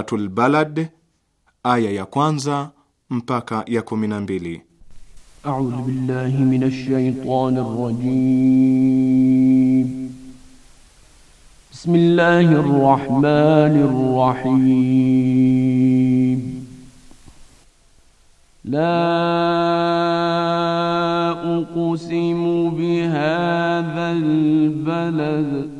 Suratul Balad aya ya kwanza mpaka ya kumi na mbili. A'udhu billahi minash shaitanir rajim. Bismillahir rahmanir rahim. La uqsimu bihadhal balad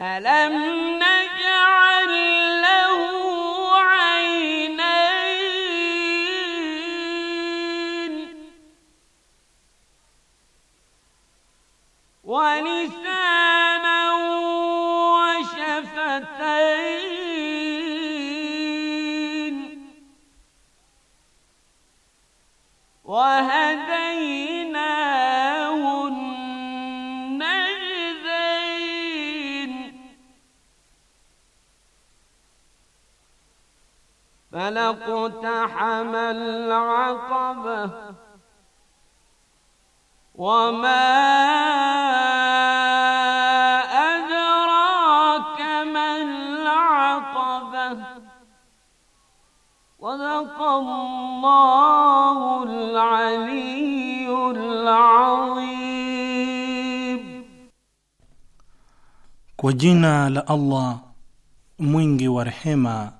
Alam فلاقتحم العقبة وما أدراك ما العقبة وذق الله العلي العظيم kwa لألله la Allah wa rehema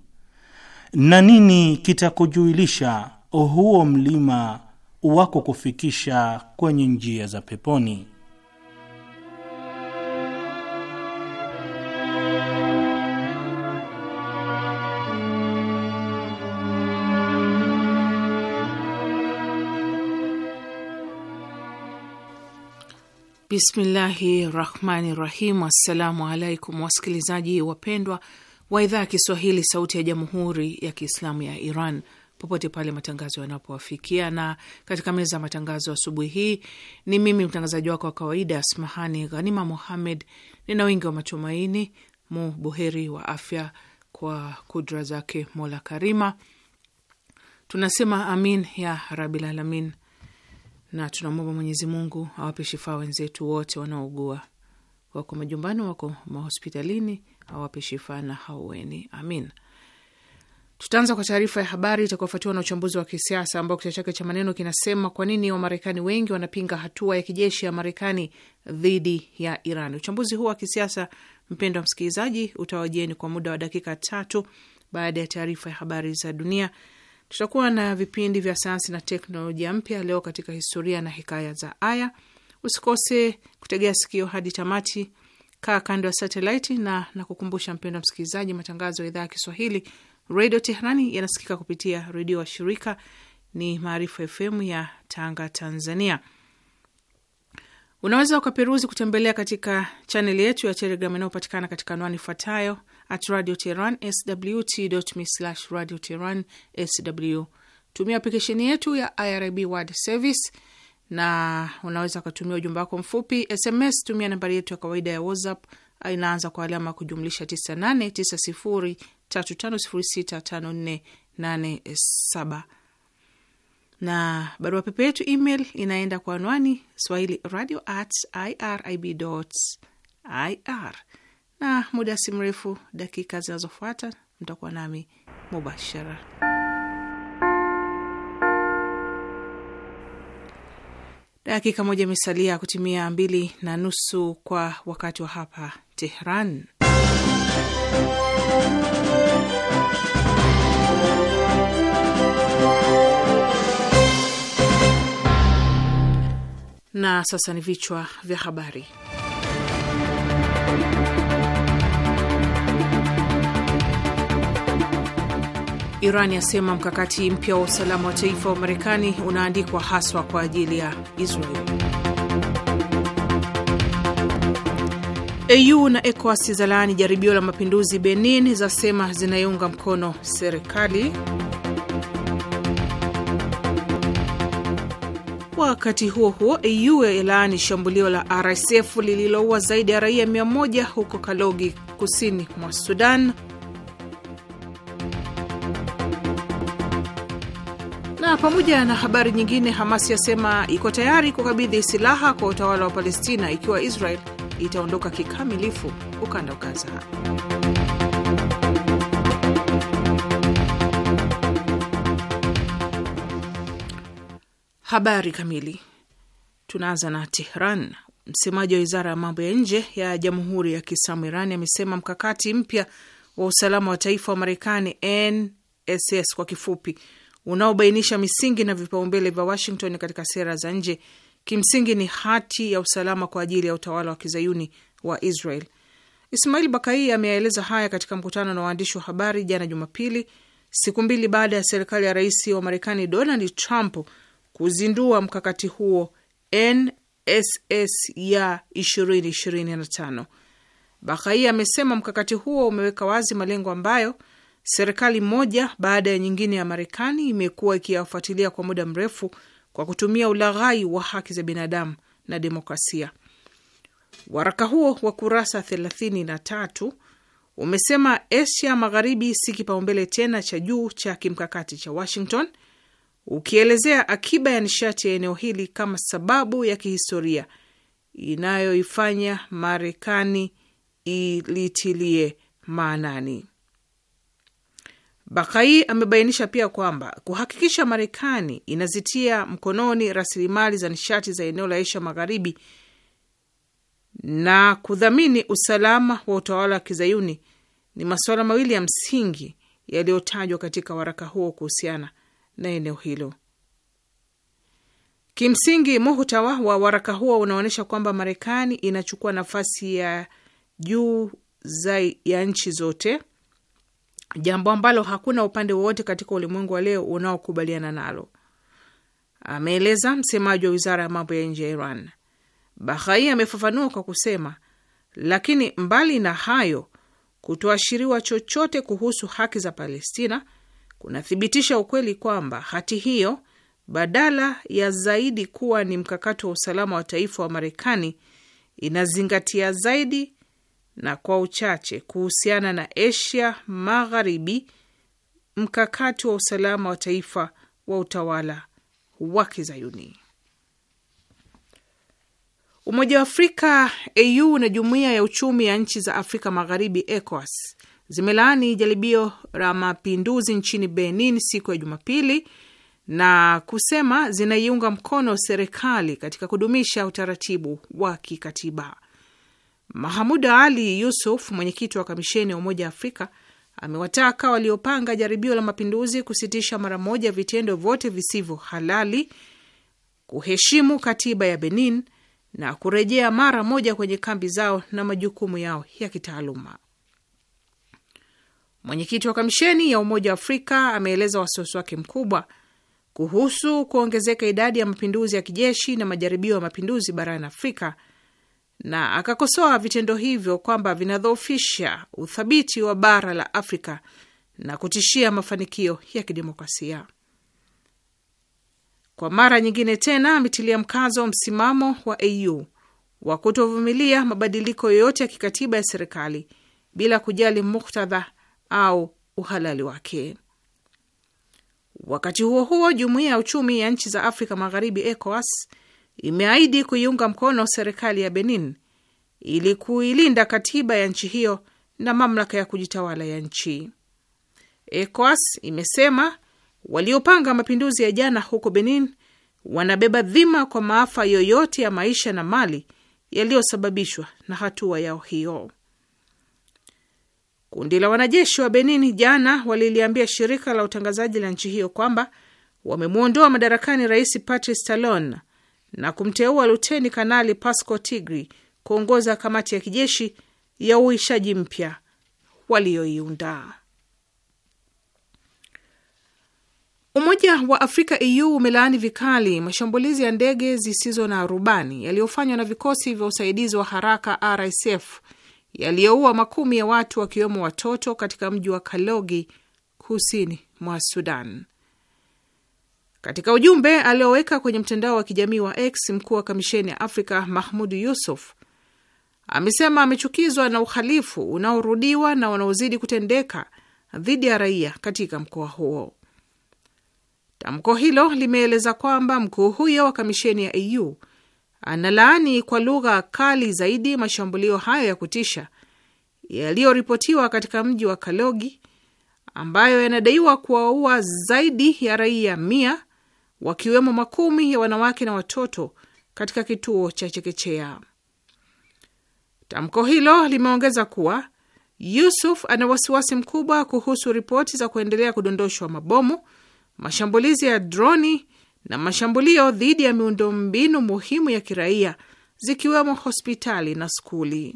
na nini kitakujuilisha huo mlima wako kufikisha kwenye njia za peponi? Bismillahi rahmani rahim. Assalamu alaikum wasikilizaji wapendwa wa idhaa ya Kiswahili, Sauti ya Jamhuri ya Kiislamu ya Iran, popote pale matangazo yanapowafikia. Na katika meza ya matangazo asubuhi hii ni mimi mtangazaji wako wa kawaida Asmahani Ghanima Muhammed. Nina wingi wa matumaini mu buheri wa afya kwa kudra zake Mola Karima. Tunasema amin ya rabil alamin, na tunamwomba Mwenyezi Mungu awape shifaa wenzetu wote wanaougua, wako majumbani, wako mahospitalini awape shifa na haueni, amin. Tutaanza kwa taarifa ya habari itakaofuatiwa na uchambuzi wa kisiasa ambao kichwa chake cha maneno kinasema kwa nini Wamarekani wengi wanapinga hatua ya kijeshi ya Marekani dhidi ya Iran. Uchambuzi huu wa kisiasa, mpendo wa msikilizaji, utawajieni kwa muda wa dakika tatu baada ya taarifa ya habari za dunia. Tutakuwa na vipindi vya sayansi na teknolojia mpya, leo katika historia na hikaya za aya. Usikose kutegea sikio hadi tamati kaa kando ya satelaiti na nakukumbusha mpendo msikilizaji, matangazo ya idhaa ya Kiswahili redio Teherani yanasikika kupitia redio wa shirika ni Maarifa FM ya Tanga, Tanzania. Unaweza ukaperuzi kutembelea katika chaneli yetu ya Telegram inayopatikana katika anwani ifuatayo at radio teheran sw radio teheran sw. Tumia aplikesheni yetu ya IRIB world service na unaweza ukatumia ujumbe wako mfupi SMS. Tumia nambari yetu ya kawaida ya WhatsApp, inaanza kwa alama kujumlisha 989035065487 na barua pepe yetu email inaenda kwa anwani swahili radio at irib ir. Na muda si mrefu, dakika zinazofuata mtakuwa nami mubashara. Dakika moja imesalia kutimia mbili na nusu kwa wakati wa hapa Tehran. Na sasa ni vichwa vya habari. Iran yasema mkakati mpya wa usalama wa taifa wa Marekani unaandikwa haswa kwa ajili ya Israel. AU e na ECOWAS zalaani jaribio la mapinduzi Benin, zasema zinaiunga mkono serikali. Wakati huo huo, AU e yalaani shambulio la RSF lililoua zaidi ya raia 100 huko Kalogi, kusini mwa Sudan. pamoja na habari nyingine, Hamas yasema iko tayari kukabidhi silaha kwa utawala wa Palestina ikiwa Israel itaondoka kikamilifu ukanda wa Gaza. Habari kamili. Tunaanza na Tehran. Msemaji wa wizara ya mambo ya nje ya Jamhuri ya Kiislamu Irani amesema mkakati mpya wa usalama wa taifa wa Marekani, NSS kwa kifupi, unaobainisha misingi na vipaumbele vya Washington katika sera za nje, kimsingi ni hati ya usalama kwa ajili ya utawala wa kizayuni wa Israel. Ismail Bakai ameyaeleza haya katika mkutano na waandishi wa habari jana Jumapili, siku mbili baada ya serikali ya rais wa Marekani Donald Trump kuzindua mkakati huo NSS ya 2025. Bakai amesema mkakati huo umeweka wazi malengo ambayo Serikali moja baada ya nyingine ya Marekani imekuwa ikiyafuatilia kwa muda mrefu kwa kutumia ulaghai wa haki za binadamu na demokrasia. Waraka huo wa kurasa 33 umesema Asia Magharibi si kipaumbele tena cha juu cha kimkakati cha Washington, ukielezea akiba ya nishati ya eneo hili kama sababu ya kihistoria inayoifanya Marekani ilitilie maanani. Bakai amebainisha pia kwamba kuhakikisha Marekani inazitia mkononi rasilimali za nishati za eneo la Asia Magharibi na kudhamini usalama wa utawala wa kizayuni ni masuala mawili ya msingi yaliyotajwa katika waraka huo kuhusiana na eneo hilo. Kimsingi, muhtawa wa waraka huo unaonyesha kwamba Marekani inachukua nafasi ya juu za ya nchi zote jambo ambalo hakuna upande wowote katika ulimwengu wa leo unaokubaliana nalo, ameeleza msemaji wa wizara ya mambo ya nje ya Iran. Bahai amefafanua kwa kusema, lakini mbali na hayo, kutoashiriwa chochote kuhusu haki za Palestina kunathibitisha ukweli kwamba hati hiyo badala ya zaidi kuwa ni mkakati wa usalama wa taifa wa Marekani inazingatia zaidi na kwa uchache kuhusiana na Asia Magharibi, mkakati wa usalama wa taifa wa utawala wa Kizayuni. Umoja wa Afrika AU na Jumuiya ya Uchumi ya Nchi za Afrika Magharibi ECOWAS zimelaani jaribio la mapinduzi nchini Benin siku ya Jumapili na kusema zinaiunga mkono serikali katika kudumisha utaratibu wa kikatiba. Mahamud Ali Yusuf, mwenyekiti wa kamisheni ya Umoja wa Afrika, amewataka waliopanga jaribio la mapinduzi kusitisha mara moja vitendo vyote visivyo halali, kuheshimu katiba ya Benin na kurejea mara moja kwenye kambi zao na majukumu yao ya kitaaluma. Mwenyekiti wa kamisheni ya Umoja wa Afrika ameeleza wasiwasi wake mkubwa kuhusu kuongezeka idadi ya mapinduzi ya kijeshi na majaribio ya mapinduzi barani Afrika na akakosoa vitendo hivyo kwamba vinadhoofisha uthabiti wa bara la Afrika na kutishia mafanikio ya kidemokrasia. Kwa mara nyingine tena ametilia mkazo msimamo wa AU wa kutovumilia mabadiliko yoyote ya kikatiba ya serikali bila kujali muktadha au uhalali wake. Wakati huo huo, jumuiya ya uchumi ya nchi za Afrika Magharibi, ECOWAS, imeahidi kuiunga mkono serikali ya Benin ili kuilinda katiba ya nchi hiyo na mamlaka ya kujitawala ya nchi. ECOWAS imesema waliopanga mapinduzi ya jana huko Benin wanabeba dhima kwa maafa yoyote ya maisha na mali yaliyosababishwa na hatua yao hiyo. Kundi la wanajeshi wa Benin jana waliliambia shirika la utangazaji la nchi hiyo kwamba wamemwondoa madarakani Rais Patrice Talon na kumteua Luteni Kanali Pasco Tigri kuongoza kamati ya kijeshi ya uishaji mpya walioiunda. Umoja wa Afrika EU umelaani vikali mashambulizi ya ndege zisizo na rubani yaliyofanywa na vikosi vya usaidizi wa haraka RSF yaliyoua makumi ya watu wakiwemo watoto katika mji wa Kalogi kusini mwa Sudan. Katika ujumbe alioweka kwenye mtandao wa kijamii wa X, mkuu wa kamisheni ya Afrika mahmud Yusuf amesema amechukizwa na uhalifu unaorudiwa na unaozidi kutendeka dhidi ya raia katika mkoa huo. Tamko hilo limeeleza kwamba mkuu huyo wa kamisheni ya EU analaani kwa lugha kali zaidi mashambulio hayo ya kutisha yaliyoripotiwa katika mji wa Kalogi ambayo yanadaiwa kuwaua zaidi ya raia mia wakiwemo makumi ya wanawake na watoto katika kituo cha chekechea. Tamko hilo limeongeza kuwa Yusuf ana wasiwasi mkubwa kuhusu ripoti za kuendelea kudondoshwa mabomu, mashambulizi ya droni na mashambulio dhidi ya miundombinu muhimu ya kiraia zikiwemo hospitali na skuli.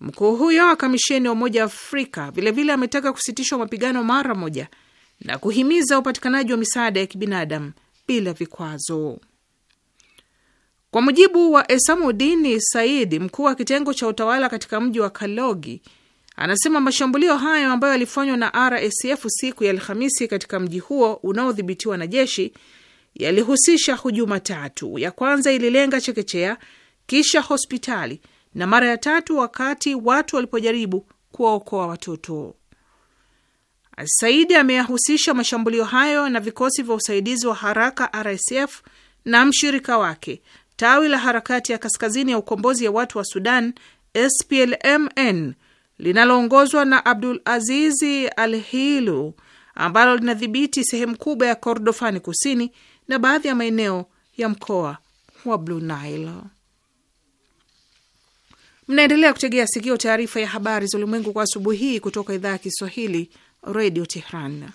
Mkuu huyo wa kamisheni ya Umoja wa Afrika vilevile ametaka kusitishwa mapigano mara moja na kuhimiza upatikanaji wa misaada ya kibinadamu bila vikwazo. Kwa mujibu wa Esamudini Saidi, mkuu wa kitengo cha utawala katika mji wa Kalogi, anasema mashambulio hayo ambayo yalifanywa na RSF siku ya Alhamisi katika mji huo unaodhibitiwa na jeshi yalihusisha hujuma tatu. Ya kwanza ililenga chekechea, kisha hospitali na mara ya tatu wakati watu walipojaribu kuwaokoa watoto. Saidi ameyahusisha mashambulio hayo na vikosi vya usaidizi wa haraka RSF na mshirika wake tawi la harakati ya kaskazini ya ukombozi ya watu wa Sudan SPLMN linaloongozwa na Abdul Azizi Al Hilu ambalo linadhibiti sehemu kubwa ya Kordofani kusini na baadhi ya maeneo ya mkoa wa Blue Nile. Mnaendelea kutegea sikio taarifa ya habari za ulimwengu kwa asubuhi hii kutoka idhaa ya Kiswahili Redio Tehran.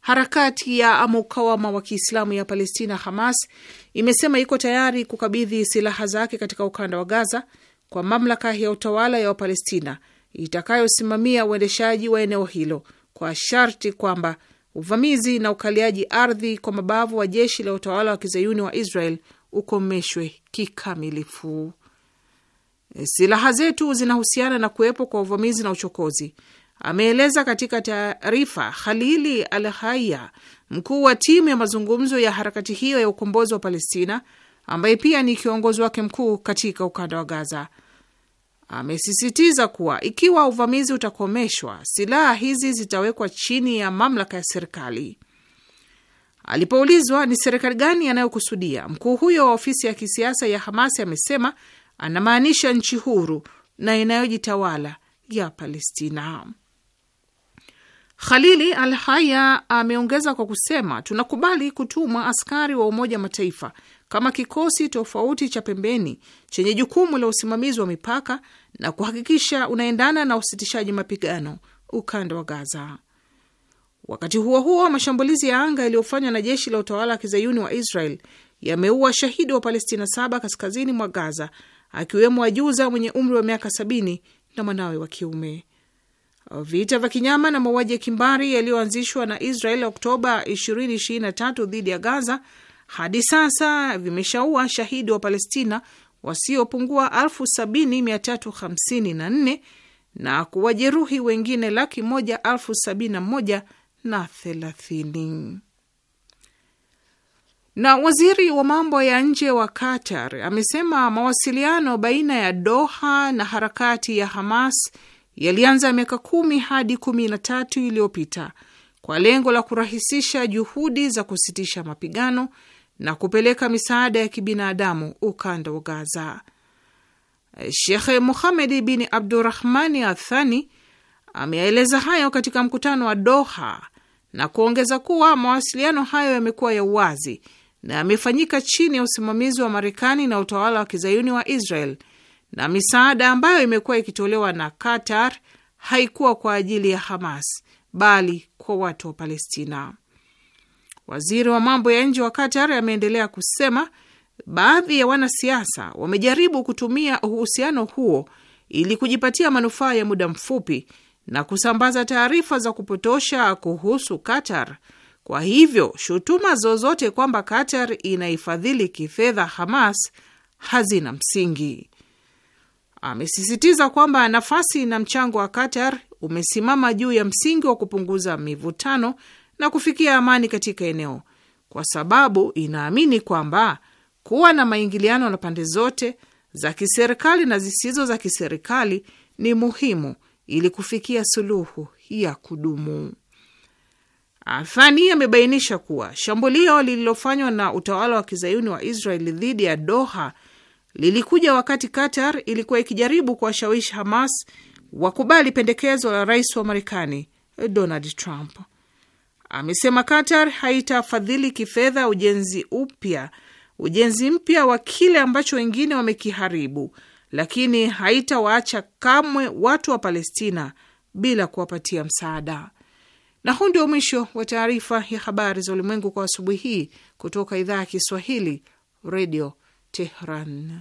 Harakati ya Amukawama wa Kiislamu ya Palestina, Hamas, imesema iko tayari kukabidhi silaha zake katika ukanda wa Gaza kwa mamlaka ya utawala ya Wapalestina itakayosimamia uendeshaji wa eneo hilo kwa sharti kwamba uvamizi na ukaliaji ardhi kwa mabavu wa jeshi la utawala wa kizayuni wa Israel ukomeshwe kikamilifu. Silaha zetu zinahusiana na kuwepo kwa uvamizi na uchokozi ameeleza katika taarifa Khalili Al Haya, mkuu wa timu ya mazungumzo ya harakati hiyo ya ukombozi wa Palestina, ambaye pia ni kiongozi wake mkuu katika ukanda wa Gaza. Amesisitiza kuwa ikiwa uvamizi utakomeshwa, silaha hizi zitawekwa chini ya mamlaka ya serikali. Alipoulizwa ni serikali gani anayokusudia, mkuu huyo wa ofisi ya kisiasa ya Hamasi amesema anamaanisha nchi huru na inayojitawala ya Palestina. Khalili Al Haya ameongeza kwa kusema, tunakubali kutumwa askari wa Umoja wa Mataifa kama kikosi tofauti cha pembeni chenye jukumu la usimamizi wa mipaka na kuhakikisha unaendana na usitishaji mapigano ukanda wa Gaza. Wakati huo huo, mashambulizi ya anga yaliyofanywa na jeshi la utawala wa kizayuni wa Israel yameua shahidi wa Palestina saba kaskazini mwa Gaza, akiwemo ajuza mwenye umri wa miaka sabini na mwanawe wa kiume. Vita vya kinyama na mauaji ya kimbari yaliyoanzishwa na Israel Oktoba 2023 dhidi ya Gaza hadi sasa vimeshaua shahidi wa Palestina wasiopungua 70354 na kuwajeruhi wengine laki moja elfu sabini na moja na thelathini. Na waziri wa mambo ya nje wa Qatar amesema mawasiliano baina ya Doha na harakati ya Hamas yalianza miaka kumi hadi kumi na tatu iliyopita kwa lengo la kurahisisha juhudi za kusitisha mapigano na kupeleka misaada ya kibinadamu ukanda wa Gaza. Shekhe Muhamedi bin Abdurahmani Athani ameyaeleza hayo katika mkutano wa Doha na kuongeza kuwa mawasiliano hayo yamekuwa ya uwazi na yamefanyika chini ya usimamizi wa Marekani na utawala wa kizayuni wa Israel na misaada ambayo imekuwa ikitolewa na Qatar haikuwa kwa ajili ya Hamas bali kwa watu wa Palestina. Waziri wa mambo ya nje wa Qatar ameendelea kusema baadhi ya wanasiasa wamejaribu kutumia uhusiano huo ili kujipatia manufaa ya muda mfupi na kusambaza taarifa za kupotosha kuhusu Qatar. Kwa hivyo shutuma zozote kwamba Qatar inaifadhili kifedha Hamas hazina msingi amesisitiza kwamba nafasi na mchango wa Qatar umesimama juu ya msingi wa kupunguza mivutano na kufikia amani katika eneo, kwa sababu inaamini kwamba kuwa na maingiliano na pande zote za kiserikali na zisizo za kiserikali ni muhimu ili kufikia suluhu ya kudumu. Athani amebainisha kuwa shambulio lililofanywa na utawala wa kizayuni wa Israeli dhidi ya Doha lilikuja wakati Qatar ilikuwa ikijaribu kuwashawishi Hamas wakubali pendekezo la rais wa Marekani Donald Trump. Amesema Qatar haitafadhili kifedha ujenzi upya ujenzi mpya wa kile ambacho wengine wamekiharibu, lakini haitawaacha kamwe watu wa Palestina bila kuwapatia msaada. Na huu ndio mwisho wa taarifa ya habari za ulimwengu kwa asubuhi hii kutoka idhaa ya Kiswahili, Radio Tehran.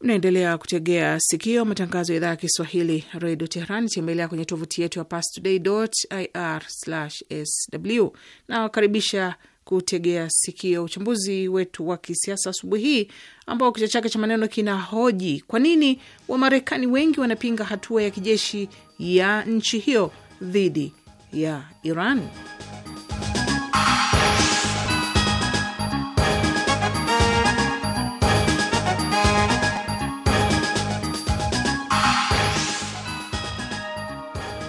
Naendelea kutegea sikio matangazo ya idhaa ya Kiswahili redio Tehran. Tembelea kwenye tovuti yetu ya pastoday.ir/sw. Nawakaribisha kutegea sikio uchambuzi wetu wa kisiasa asubuhi hii ambao kichwa chake cha maneno kina hoji kwa nini Wamarekani wengi wanapinga hatua ya kijeshi ya nchi hiyo dhidi ya Iran.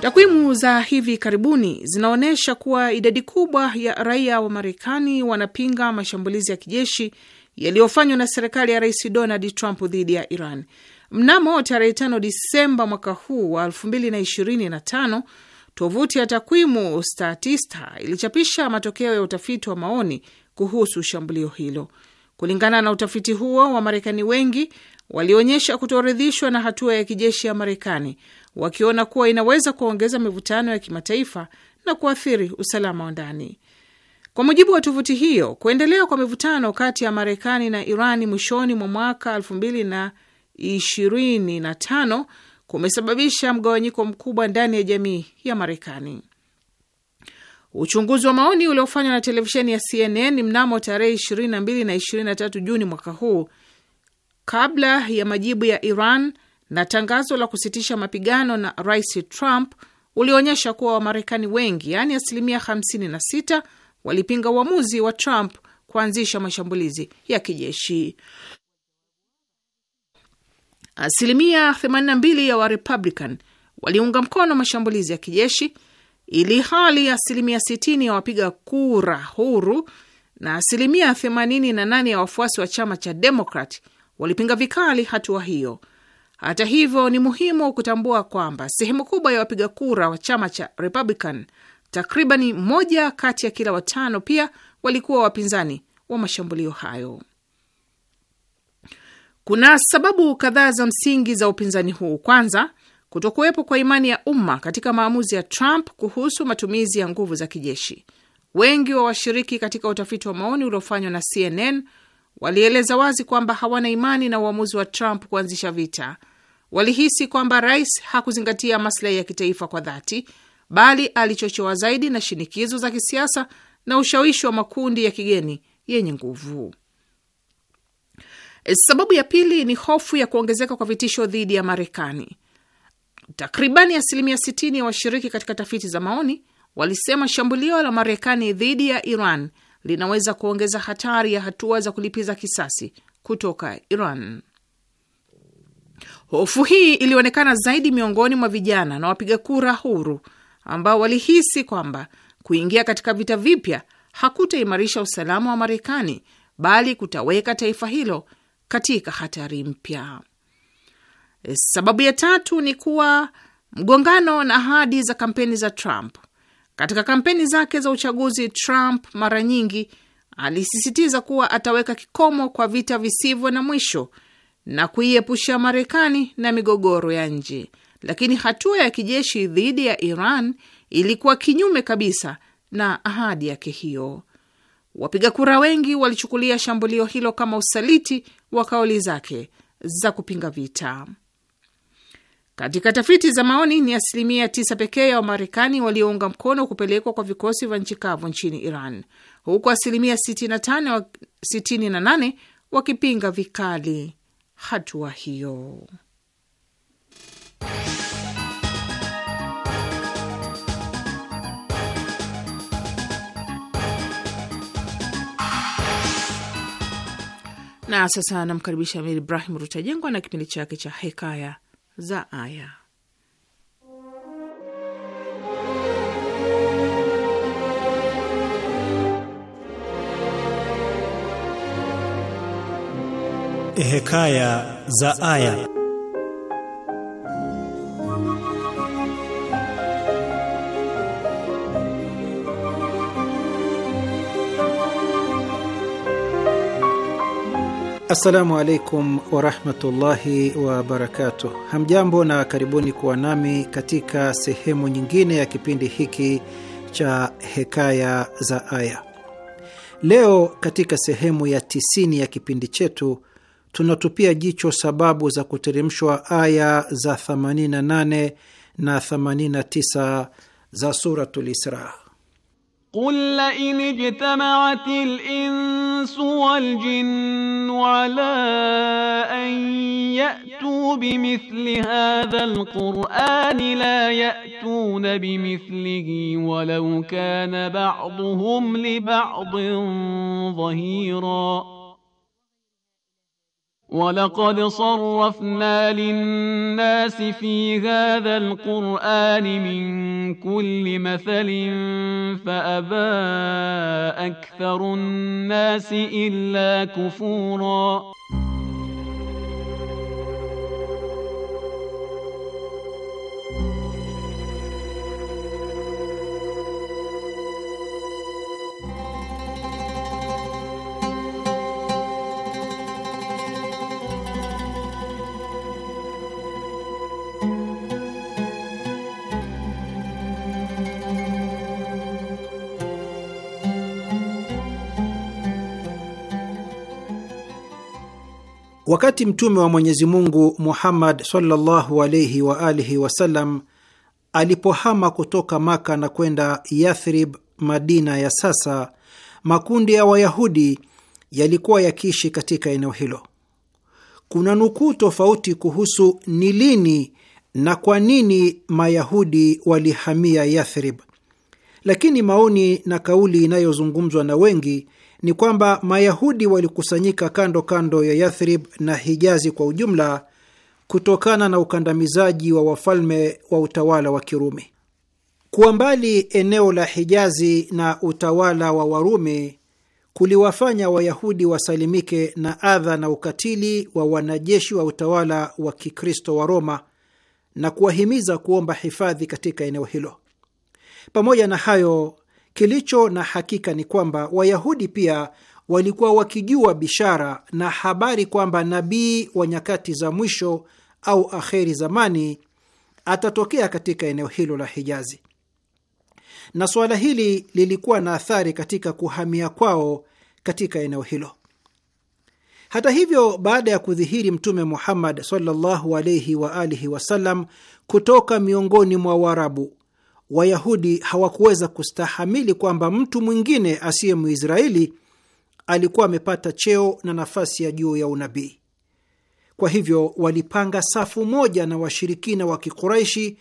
Takwimu za hivi karibuni zinaonyesha kuwa idadi kubwa ya raia wa Marekani wanapinga mashambulizi ya kijeshi yaliyofanywa na serikali ya Rais Donald Trump dhidi ya Iran. Mnamo tarehe 5 Disemba mwaka huu wa 2025, tovuti ya takwimu Statista ilichapisha matokeo ya utafiti wa maoni kuhusu shambulio hilo. Kulingana na utafiti huo, Wamarekani wengi walionyesha kutoridhishwa na hatua ya kijeshi ya Marekani wakiona kuwa inaweza kuongeza mivutano ya kimataifa na kuathiri usalama wa ndani. Kwa mujibu wa tovuti hiyo, kuendelea kwa mivutano kati ya Marekani na Irani mwishoni mwa mwaka 2025 kumesababisha mgawanyiko mkubwa ndani ya jamii ya Marekani. Uchunguzi wa maoni uliofanywa na televisheni ya CNN mnamo tarehe 22 na 23 Juni mwaka huu kabla ya majibu ya Iran na tangazo la kusitisha mapigano na Rais Trump ulionyesha kuwa Wamarekani wengi, yaani asilimia 56, walipinga uamuzi wa Trump kuanzisha mashambulizi ya kijeshi. Asilimia 82 ya Warepublican waliunga mkono mashambulizi ya kijeshi, ili hali asilimia 60 ya wapiga kura huru na asilimia 88 ya wafuasi wa chama cha Demokrat walipinga vikali hatua hiyo hata hivyo, ni muhimu kutambua kwamba sehemu kubwa ya wapiga kura wa chama cha Republican, takribani moja kati ya kila watano, pia walikuwa wapinzani wa mashambulio hayo. Kuna sababu kadhaa za msingi za upinzani huu. Kwanza, kutokuwepo kwa imani ya umma katika maamuzi ya Trump kuhusu matumizi ya nguvu za kijeshi. Wengi wa washiriki katika utafiti wa maoni uliofanywa na CNN walieleza wazi kwamba hawana imani na uamuzi wa Trump kuanzisha vita walihisi kwamba rais hakuzingatia maslahi ya kitaifa kwa dhati, bali alichochewa zaidi na shinikizo za kisiasa na ushawishi wa makundi ya kigeni yenye nguvu. Sababu ya pili ni hofu ya kuongezeka kwa vitisho dhidi ya Marekani. Takribani asilimia 60 ya washiriki katika tafiti za maoni walisema shambulio la Marekani dhidi ya Iran linaweza kuongeza hatari ya hatua za kulipiza kisasi kutoka Iran. Hofu hii ilionekana zaidi miongoni mwa vijana na wapiga kura huru ambao walihisi kwamba kuingia katika vita vipya hakutaimarisha usalama wa Marekani bali kutaweka taifa hilo katika hatari mpya. Sababu ya tatu ni kuwa mgongano na ahadi za kampeni za Trump. Katika kampeni zake za uchaguzi, Trump mara nyingi alisisitiza kuwa ataweka kikomo kwa vita visivyo na mwisho na kuiepusha Marekani na migogoro ya nje, lakini hatua ya kijeshi dhidi ya Iran ilikuwa kinyume kabisa na ahadi yake hiyo. Wapiga kura wengi walichukulia shambulio hilo kama usaliti wa kauli zake za kupinga vita. Katika tafiti za maoni, ni asilimia tisa pekee ya Wamarekani waliounga mkono kupelekwa kwa vikosi vya nchi kavu nchini Iran, huku asilimia 68 wakipinga vikali hatua hiyo. Na sasa namkaribisha Amir Ibrahim Rutajengwa na kipindi chake cha Hekaya za Aya. Eh, Hekaya za Aya. Assalamu alaikum warahmatullahi wabarakatuh. Hamjambo na karibuni kuwa nami katika sehemu nyingine ya kipindi hiki cha Hekaya za Aya. Leo katika sehemu ya tisini ya kipindi chetu tunatupia jicho sababu za kuteremshwa aya za 88 na 89 za Suratul Isra. Qul la in ijtama'atil insu wal jinnu ala an ya'tu bimithli hadha alqur'ani la ya'tuna bimithlihi walau kana ba'dhum li ba'dhin dhahira ولقد صرفنا للناس في هذا القرآن من كل مثل فأبى أكثر الناس إلا كفوراً Wakati mtume wa Mwenyezi Mungu Muhammad sallallahu alayhi wa alihi wasallam alipohama kutoka Maka na kwenda Yathrib, Madina ya sasa, makundi ya Wayahudi yalikuwa yakiishi katika eneo hilo. Kuna nukuu tofauti kuhusu ni lini na kwa nini Mayahudi walihamia Yathrib, lakini maoni na kauli inayozungumzwa na wengi ni kwamba Mayahudi walikusanyika kando kando ya Yathrib na Hijazi kwa ujumla kutokana na ukandamizaji wa wafalme wa utawala wa Kirumi. Kuwa mbali eneo la Hijazi na utawala wa Warumi kuliwafanya Wayahudi wasalimike na adha na ukatili wa wanajeshi wa utawala wa Kikristo wa Roma na kuwahimiza kuomba hifadhi katika eneo hilo. Pamoja na hayo, Kilicho na hakika ni kwamba Wayahudi pia walikuwa wakijua bishara na habari kwamba nabii wa nyakati za mwisho au akheri zamani atatokea katika eneo hilo la Hijazi, na suala hili lilikuwa na athari katika kuhamia kwao katika eneo hilo. Hata hivyo, baada ya kudhihiri Mtume Muhammad sallallahu alaihi wa alihi wasallam kutoka miongoni mwa Waarabu, Wayahudi hawakuweza kustahamili kwamba mtu mwingine asiye Mwisraeli alikuwa amepata cheo na nafasi ya juu ya unabii. Kwa hivyo walipanga safu moja na washirikina wa Kikuraishi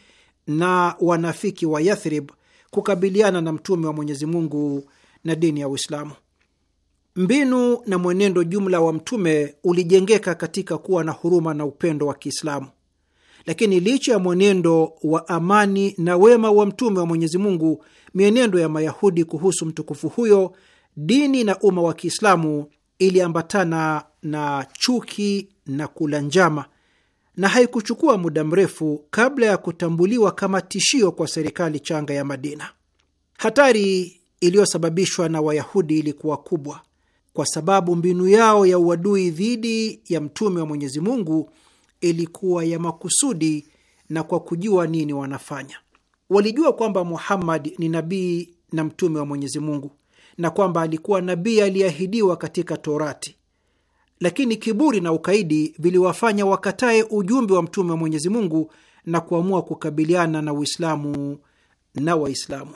na wanafiki wa Yathrib kukabiliana na mtume wa Mwenyezi Mungu na dini ya Uislamu. Mbinu na mwenendo jumla wa mtume ulijengeka katika kuwa na huruma na upendo wa Kiislamu. Lakini licha ya mwenendo wa amani na wema wa mtume wa Mwenyezi Mungu, mienendo ya Mayahudi kuhusu mtukufu huyo, dini na umma wa Kiislamu iliambatana na chuki na kula njama, na haikuchukua muda mrefu kabla ya kutambuliwa kama tishio kwa serikali changa ya Madina. Hatari iliyosababishwa na Wayahudi ilikuwa kubwa, kwa sababu mbinu yao ya uadui dhidi ya mtume wa Mwenyezi Mungu ilikuwa ya makusudi na kwa kujua nini wanafanya. Walijua kwamba Muhammad ni nabii na mtume wa Mwenyezi Mungu na kwamba alikuwa nabii aliyeahidiwa katika Torati, lakini kiburi na ukaidi viliwafanya wakatae ujumbe wa mtume wa Mwenyezi Mungu na kuamua kukabiliana na Uislamu na Waislamu.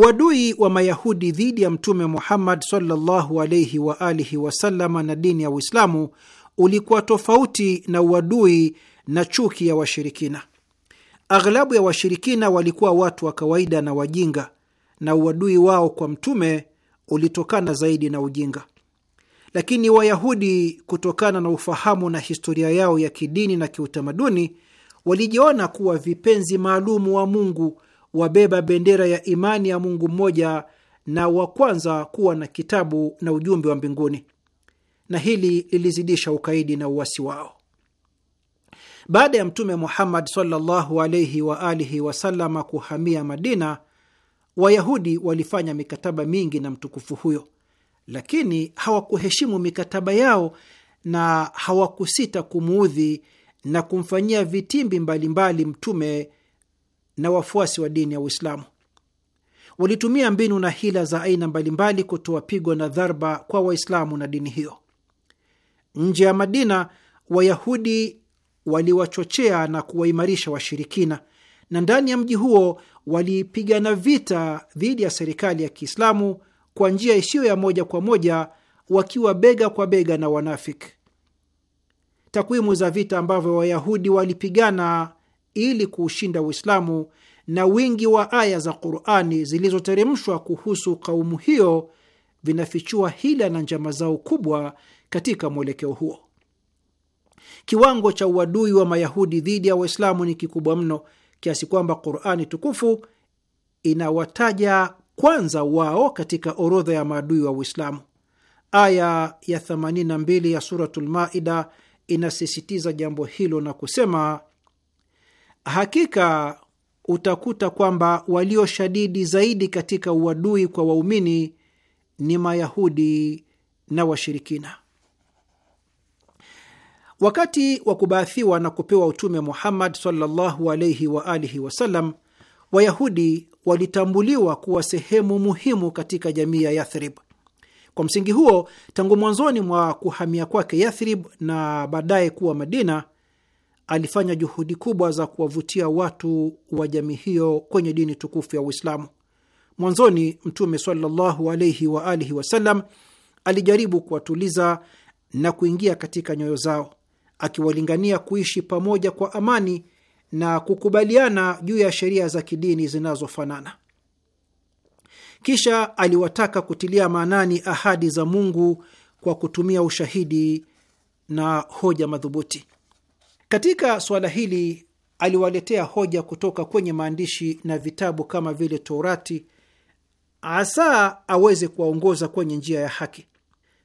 Uadui wa Mayahudi dhidi ya Mtume Muhammad sallallahu alaihi wa alihi wasallam na dini ya Uislamu ulikuwa tofauti na uadui na chuki ya washirikina. Aghlabu ya washirikina walikuwa watu wa kawaida na wajinga, na uadui wao kwa mtume ulitokana zaidi na ujinga. Lakini Wayahudi, kutokana na ufahamu na historia yao ya kidini na kiutamaduni, walijiona kuwa vipenzi maalumu wa Mungu wabeba bendera ya imani ya Mungu mmoja na wa kwanza kuwa na kitabu na ujumbe wa mbinguni, na hili lilizidisha ukaidi na uwasi wao. Baada ya Mtume Muhammad sallallahu alaihi wa alihi kuhamia Madina, Wayahudi walifanya mikataba mingi na mtukufu huyo, lakini hawakuheshimu mikataba yao na hawakusita kumuudhi na kumfanyia vitimbi mbalimbali mbali Mtume na wafuasi wa dini ya Uislamu. Walitumia mbinu na hila za aina mbalimbali kutoa pigo na dharba kwa Waislamu na dini hiyo. Nje ya Madina, Wayahudi waliwachochea na kuwaimarisha washirikina, na ndani ya mji huo walipigana vita dhidi ya serikali ya Kiislamu kwa njia isiyo ya moja kwa moja, wakiwa bega kwa bega na wanafiki. Takwimu za vita ambavyo Wayahudi walipigana ili kuushinda Uislamu na wingi wa aya za Qurani zilizoteremshwa kuhusu kaumu hiyo vinafichua hila na njama zao kubwa katika mwelekeo huo. Kiwango cha uadui wa Mayahudi dhidi ya Waislamu ni kikubwa mno kiasi kwamba Qurani tukufu inawataja kwanza wao katika orodha ya maadui wa Uislamu. Aya ya 82 ya Suratul Maida inasisitiza jambo hilo na kusema Hakika utakuta kwamba walioshadidi zaidi katika uadui kwa waumini ni Mayahudi na washirikina. Wakati wa kubaathiwa na kupewa utume Muhammad sallallahu alaihi wa alihi wasallam, Wayahudi walitambuliwa kuwa sehemu muhimu katika jamii ya Yathrib. Kwa msingi huo, tangu mwanzoni mwa kuhamia kwake Yathrib na baadaye kuwa Madina, alifanya juhudi kubwa za kuwavutia watu wa jamii hiyo kwenye dini tukufu ya Uislamu. Mwanzoni Mtume sallallahu alaihi wa alihi wasallam alijaribu kuwatuliza na kuingia katika nyoyo zao, akiwalingania kuishi pamoja kwa amani na kukubaliana juu ya sheria za kidini zinazofanana. Kisha aliwataka kutilia maanani ahadi za Mungu kwa kutumia ushahidi na hoja madhubuti. Katika suala hili aliwaletea hoja kutoka kwenye maandishi na vitabu kama vile Torati, asa aweze kuwaongoza kwenye njia ya haki.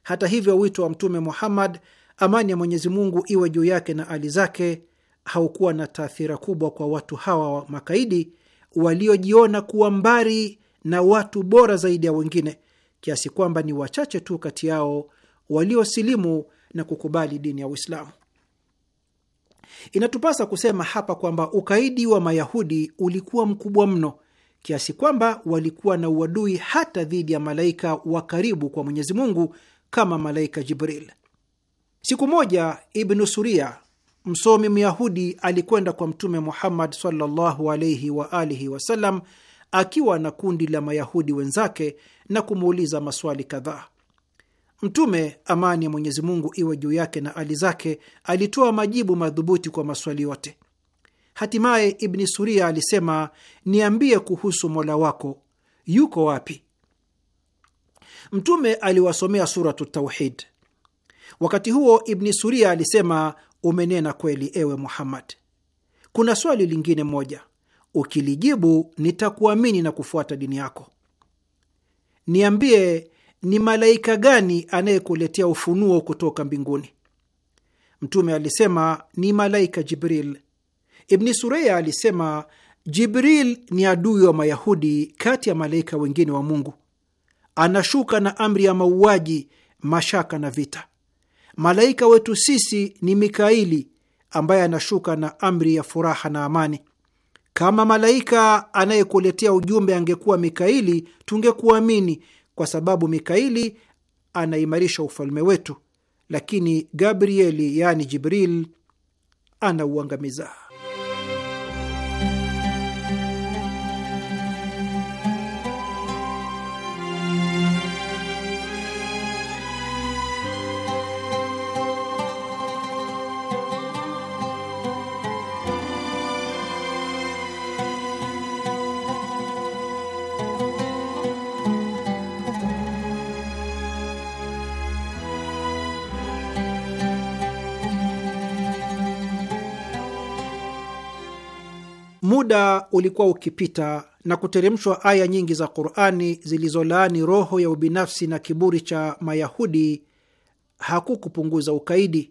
Hata hivyo, wito wa Mtume Muhammad, amani ya Mwenyezi Mungu iwe juu yake na ali zake, haukuwa na taathira kubwa kwa watu hawa wa makaidi waliojiona kuwa mbari na watu bora zaidi ya wengine, kiasi kwamba ni wachache tu kati yao waliosilimu na kukubali dini ya Uislamu. Inatupasa kusema hapa kwamba ukaidi wa Mayahudi ulikuwa mkubwa mno kiasi kwamba walikuwa na uadui hata dhidi ya malaika wa karibu kwa Mwenyezi Mungu kama malaika Jibril. Siku moja Ibnu Suria, msomi Myahudi, alikwenda kwa Mtume Muhammad sallallahu alaihi wa alihi wasallam akiwa na kundi la Mayahudi wenzake na kumuuliza maswali kadhaa. Mtume, amani ya Mwenyezi Mungu iwe juu yake na ali zake, alitoa majibu madhubuti kwa maswali yote. Hatimaye Ibni Suria alisema, niambie kuhusu mola wako, yuko wapi? Mtume aliwasomea Suratu Tauhid. Wakati huo Ibni Suria alisema, umenena kweli, ewe Muhammad. Kuna swali lingine moja, ukilijibu nitakuamini na kufuata dini yako. Niambie ni malaika gani anayekuletea ufunuo kutoka mbinguni? Mtume alisema ni malaika Jibril. Ibni Sureya alisema Jibril ni adui wa Mayahudi kati ya malaika wengine wa Mungu. Anashuka na amri ya mauaji, mashaka na vita. Malaika wetu sisi ni Mikaili ambaye anashuka na amri ya furaha na amani. Kama malaika anayekuletea ujumbe angekuwa Mikaili, tungekuamini kwa sababu Mikaili anaimarisha ufalme wetu, lakini Gabrieli yaani Jibril anauangamiza. Muda ulikuwa ukipita na kuteremshwa aya nyingi za Qurani zilizolaani roho ya ubinafsi na kiburi cha Mayahudi hakukupunguza ukaidi,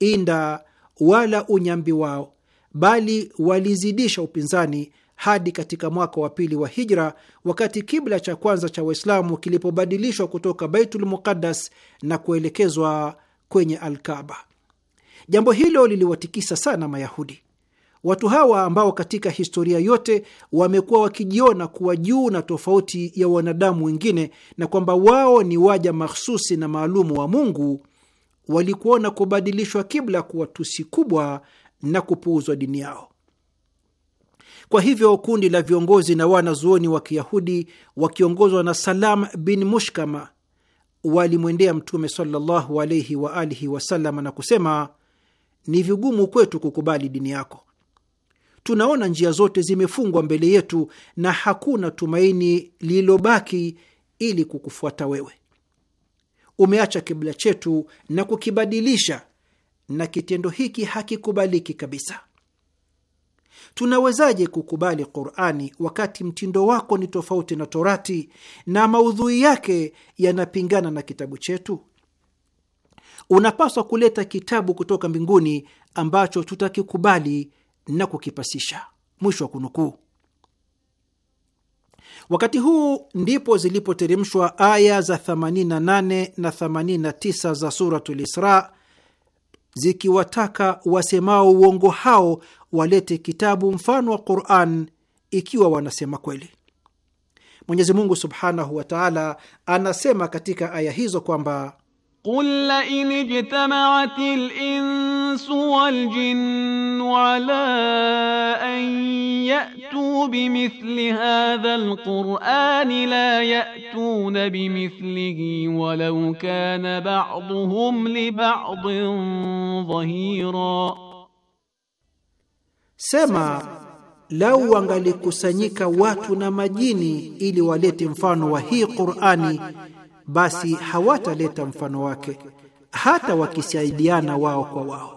inda wala unyambi wao, bali walizidisha upinzani hadi katika mwaka wa pili wa Hijra, wakati kibla cha kwanza cha Waislamu kilipobadilishwa kutoka Baitul Muqaddas na kuelekezwa kwenye Alkaba. Jambo hilo liliwatikisa sana Mayahudi. Watu hawa ambao katika historia yote wamekuwa wakijiona kuwa juu na tofauti ya wanadamu wengine na kwamba wao ni waja mahsusi na maalumu wa Mungu walikuona kubadilishwa kibla kuwa tusi kubwa na kupuuzwa dini yao. Kwa hivyo kundi la viongozi na wanazuoni wa Kiyahudi wakiongozwa na Salam bin Mushkama walimwendea Mtume sallallahu alaihi waalihi wasallam na kusema, ni vigumu kwetu kukubali dini yako tunaona njia zote zimefungwa mbele yetu na hakuna tumaini lililobaki ili kukufuata wewe. Umeacha kibla chetu na kukibadilisha, na kitendo hiki hakikubaliki kabisa. Tunawezaje kukubali Qur'ani wakati mtindo wako ni tofauti na Torati na maudhui yake yanapingana na kitabu chetu? Unapaswa kuleta kitabu kutoka mbinguni ambacho tutakikubali na kukipasisha. Mwisho wa kunukuu. Wakati huu ndipo zilipoteremshwa aya za 88 na 89 za Suratul Isra zikiwataka wasemao uongo hao walete kitabu mfano wa Quran ikiwa wanasema kweli. Mwenyezi Mungu subhanahu wa taala anasema katika aya hizo kwamba قل لئن اجتمعت الإنس والجن على أن يأتوا بمثل هذا القرآن لا يأتون بمثله ولو كان بعضهم لبعض ظهيرا سمع لو وانغلي كسانيكا na majini الي walete mfano وهي قراني basi hawataleta mfano wake hata wakisaidiana wao kwa wao.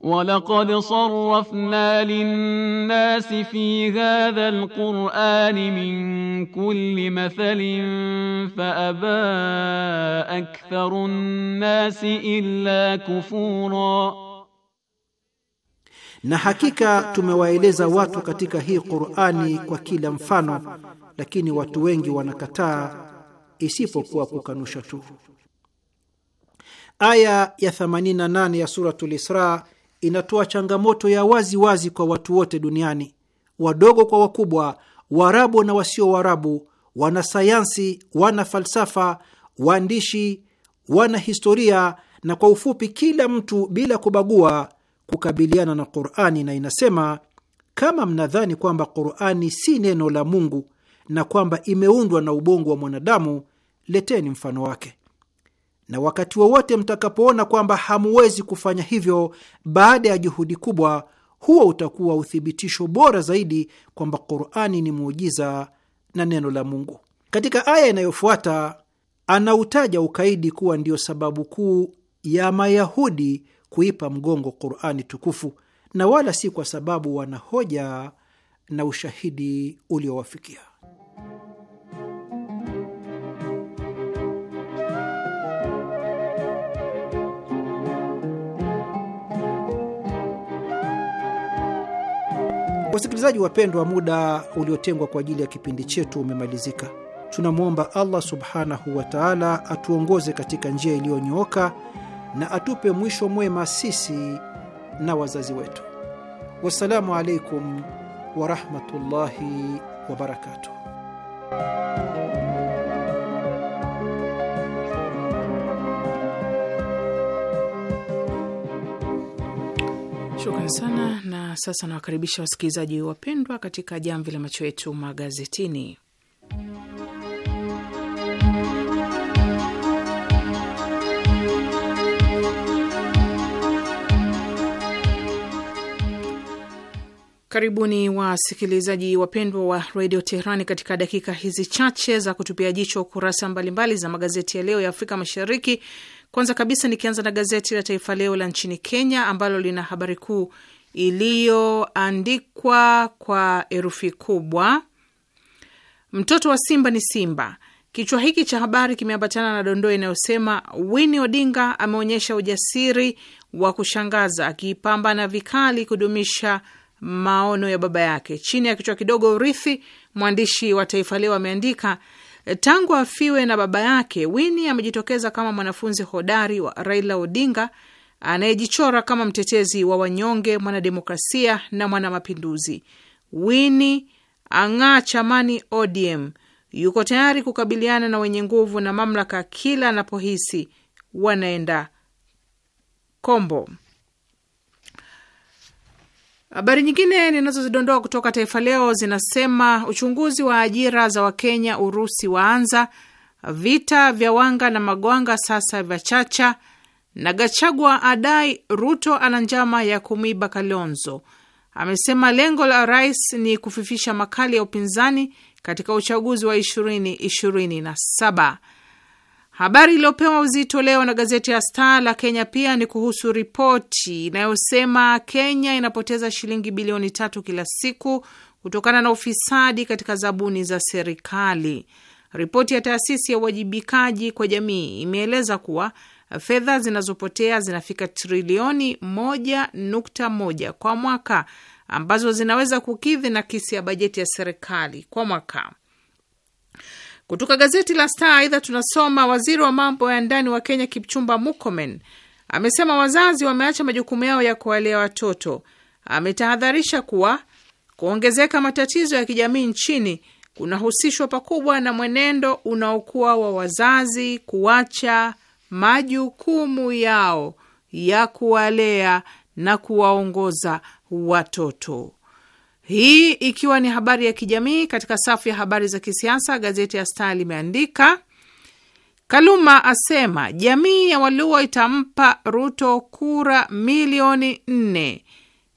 Walaqad sarrafna linnasi fi hadha alqur'ani min kulli mathalin aba aktharu nnasi illa kufura, na hakika tumewaeleza watu katika hii Qur'ani kwa kila mfano, lakini watu wengi wanakataa isipokuwa kukanusha tu. Aya ya 88 ya Suratul Isra inatoa changamoto ya wazi wazi kwa watu wote duniani, wadogo kwa wakubwa, Waarabu na wasio Waarabu, wanasayansi, wana falsafa, waandishi, wana historia na kwa ufupi, kila mtu bila kubagua, kukabiliana na Qur'ani, na inasema kama mnadhani kwamba Qur'ani si neno la Mungu na kwamba imeundwa na ubongo wa mwanadamu, leteni mfano wake. Na wakati wowote mtakapoona kwamba hamuwezi kufanya hivyo baada ya juhudi kubwa, huo utakuwa uthibitisho bora zaidi kwamba Qur'ani ni muujiza na neno la Mungu. Katika aya inayofuata anautaja ukaidi kuwa ndiyo sababu kuu ya Mayahudi kuipa mgongo Qur'ani tukufu na wala si kwa sababu wana hoja na ushahidi uliowafikia. Wasikilizaji wapendwa, muda uliotengwa kwa ajili ya kipindi chetu umemalizika. Tunamwomba Allah subhanahu wa taala atuongoze katika njia iliyonyooka na atupe mwisho mwema sisi na wazazi wetu. Wassalamu alaikum warahmatullahi wabarakatuh. Shukran sana. Na sasa nawakaribisha wasikilizaji wapendwa katika jamvi la macho yetu magazetini. Karibuni wasikilizaji wapendwa wa redio Teherani katika dakika hizi chache za kutupia jicho kurasa mbalimbali za magazeti ya leo ya Afrika Mashariki kwanza kabisa nikianza na gazeti la Taifa Leo la nchini Kenya ambalo lina habari kuu iliyoandikwa kwa herufi kubwa, mtoto wa Simba ni Simba. Kichwa hiki cha habari kimeambatana na dondoo inayosema Winnie Odinga ameonyesha ujasiri wa kushangaza akipambana vikali kudumisha maono ya baba yake. Chini ya kichwa kidogo urithi, mwandishi wa Taifa Leo ameandika Tangu afiwe na baba yake, Wini amejitokeza kama mwanafunzi hodari wa Raila Odinga anayejichora kama mtetezi wa wanyonge, mwanademokrasia na mwanamapinduzi. wini ang'aa chamani ODM, yuko tayari kukabiliana na wenye nguvu na mamlaka kila anapohisi wanaenda kombo. Habari nyingine ninazozidondoa kutoka Taifa Leo zinasema uchunguzi wa ajira za Wakenya Urusi waanza, vita vya wanga na magwanga sasa vya chacha, na Gachagua adai Ruto ana njama ya kumwiba Kalonzo. Amesema lengo la rais ni kufifisha makali ya upinzani katika uchaguzi wa 2027. Habari iliyopewa uzito leo na gazeti ya Star la Kenya pia ni kuhusu ripoti inayosema Kenya inapoteza shilingi bilioni tatu kila siku kutokana na ufisadi katika zabuni za serikali. Ripoti ya taasisi ya uwajibikaji kwa jamii imeeleza kuwa fedha zinazopotea zinafika trilioni moja kwa mwaka ambazo zinaweza kukidhi nakisi ya bajeti ya serikali kwa mwaka. Kutoka gazeti la Star aidha tunasoma waziri wa mambo ya ndani wa Kenya Kipchumba mukomen amesema wazazi wameacha majukumu yao ya kuwalea watoto. Ametahadharisha kuwa kuongezeka matatizo ya kijamii nchini kunahusishwa pakubwa na mwenendo unaokuwa wa wazazi kuacha majukumu yao ya kuwalea na kuwaongoza watoto. Hii ikiwa ni habari ya kijamii. Katika safu ya habari za kisiasa, gazeti ya Star limeandika Kaluma asema jamii ya Waluo itampa Ruto kura milioni nne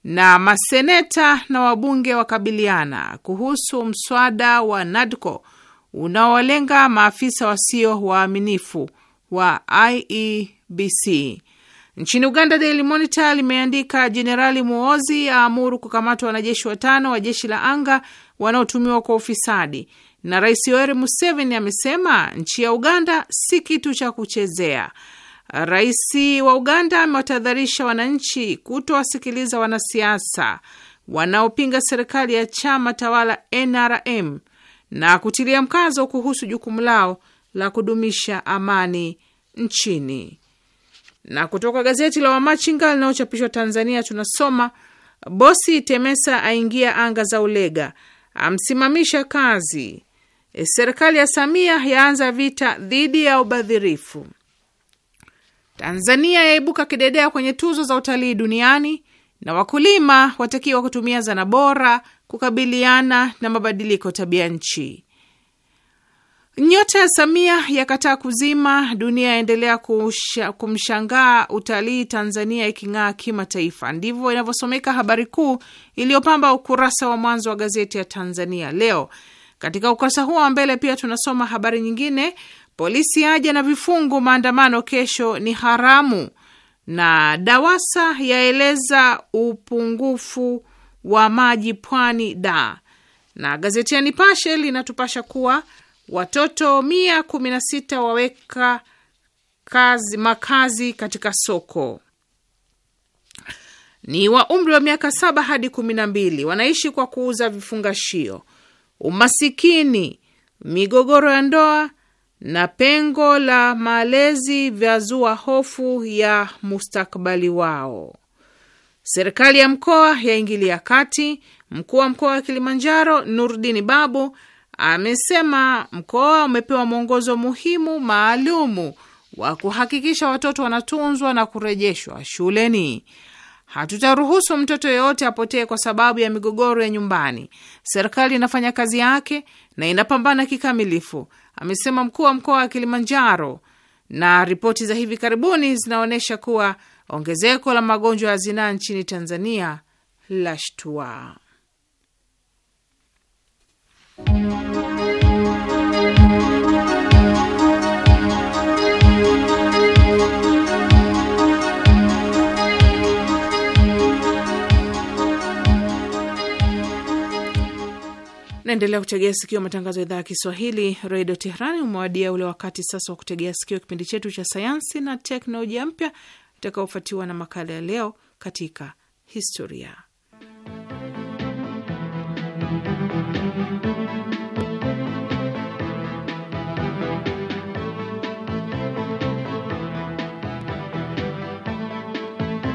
na maseneta na wabunge wakabiliana kuhusu mswada wa NADCO unaowalenga maafisa wasio waaminifu wa IEBC. Nchini Uganda, Daily Monitor limeandika Jenerali Muozi aamuru kukamatwa wanajeshi watano wa jeshi la anga wanaotumiwa kwa ufisadi, na Rais Yoweri Museveni amesema nchi ya Uganda si kitu cha kuchezea. Rais wa Uganda amewatahadharisha wananchi kutowasikiliza wanasiasa wanaopinga serikali ya chama tawala NRM na kutilia mkazo kuhusu jukumu lao la kudumisha amani nchini na kutoka gazeti la Wamachinga linalochapishwa Tanzania tunasoma bosi Temesa aingia anga za Ulega, amsimamisha kazi. E, serikali ya Samia yaanza vita dhidi ya ubadhirifu. Tanzania yaibuka kidedea kwenye tuzo za utalii duniani, na wakulima watakiwa kutumia zana bora kukabiliana na mabadiliko tabia nchi. Nyota ya Samia yakataa kuzima. Dunia yaendelea kumshangaa, utalii Tanzania iking'aa kimataifa. Ndivyo inavyosomeka habari kuu iliyopamba ukurasa wa mwanzo wa gazeti ya Tanzania Leo. Katika ukurasa huo wa mbele pia tunasoma habari nyingine, polisi aja na vifungu, maandamano kesho ni haramu, na DAWASA yaeleza upungufu wa maji pwani da. Na gazeti ya Nipashe linatupasha kuwa Watoto mia kumi na sita waweka kazi, makazi katika soko ni wa umri wa miaka saba hadi kumi na mbili. Wanaishi kwa kuuza vifungashio. Umasikini, migogoro ya ndoa na pengo la malezi vyazua hofu ya mustakbali wao. Serikali ya mkoa yaingilia kati. Mkuu wa mkoa wa Kilimanjaro Nurdini Babu amesema mkoa umepewa mwongozo muhimu maalumu wa kuhakikisha watoto wanatunzwa na kurejeshwa shuleni. Hatutaruhusu mtoto yeyote apotee kwa sababu ya migogoro ya nyumbani. Serikali inafanya kazi yake na inapambana kikamilifu, amesema mkuu wa mkoa wa Kilimanjaro. Na ripoti za hivi karibuni zinaonyesha kuwa ongezeko la magonjwa ya zinaa nchini Tanzania lashtua. Naendelea kutegea sikio matangazo ya idhaa ya Kiswahili redio Tehrani. Umewadia ule wakati sasa wa kutegea sikio kipindi chetu cha sayansi na teknolojia mpya itakaofuatiwa na makala ya leo katika historia.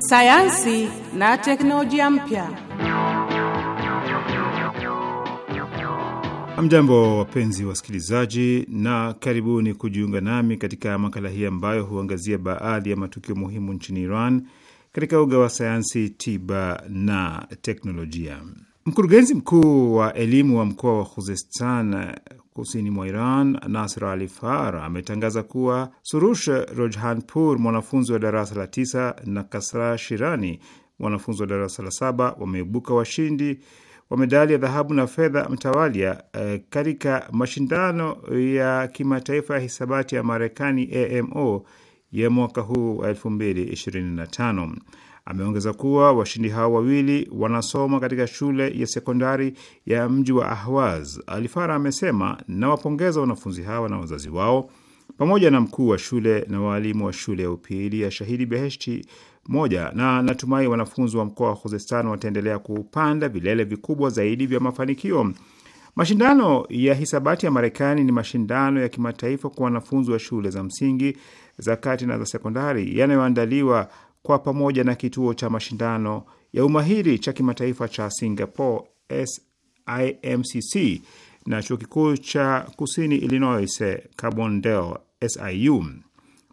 Sayansi na teknolojia mpya. Hamjambo, wapenzi wasikilizaji, na karibuni kujiunga nami katika makala hii ambayo huangazia baadhi ya matukio muhimu nchini Iran katika uga wa sayansi, tiba na teknolojia. Mkurugenzi mkuu wa elimu wa mkoa wa Khuzestan kusini mwa Iran, Nasr Ali Far ametangaza kuwa Surush Rojhanpur, mwanafunzi wa darasa la tisa, na Kasra Shirani, mwanafunzi wa darasa la saba, wameibuka washindi wa medali ya dhahabu na fedha mtawalia eh, katika mashindano ya kimataifa ya hisabati ya Marekani AMO ya mwaka huu wa 2025. Ameongeza kuwa washindi hao wawili wanasoma katika shule ya sekondari ya mji wa Ahwaz. Alifara amesema, nawapongeza wanafunzi hawa na wazazi wao pamoja na mkuu wa shule na waalimu wa shule ya upili ya Shahidi Beheshti moja, na natumai wanafunzi wa mkoa wa Khuzestan wataendelea kupanda vilele vikubwa zaidi vya mafanikio. Mashindano ya hisabati ya Marekani ni mashindano ya kimataifa kwa wanafunzi wa shule za msingi, za kati na za sekondari yanayoandaliwa kwa pamoja na kituo cha mashindano ya umahiri cha kimataifa cha Singapore SIMCC na chuo kikuu cha kusini Illinois Carbondale SIU.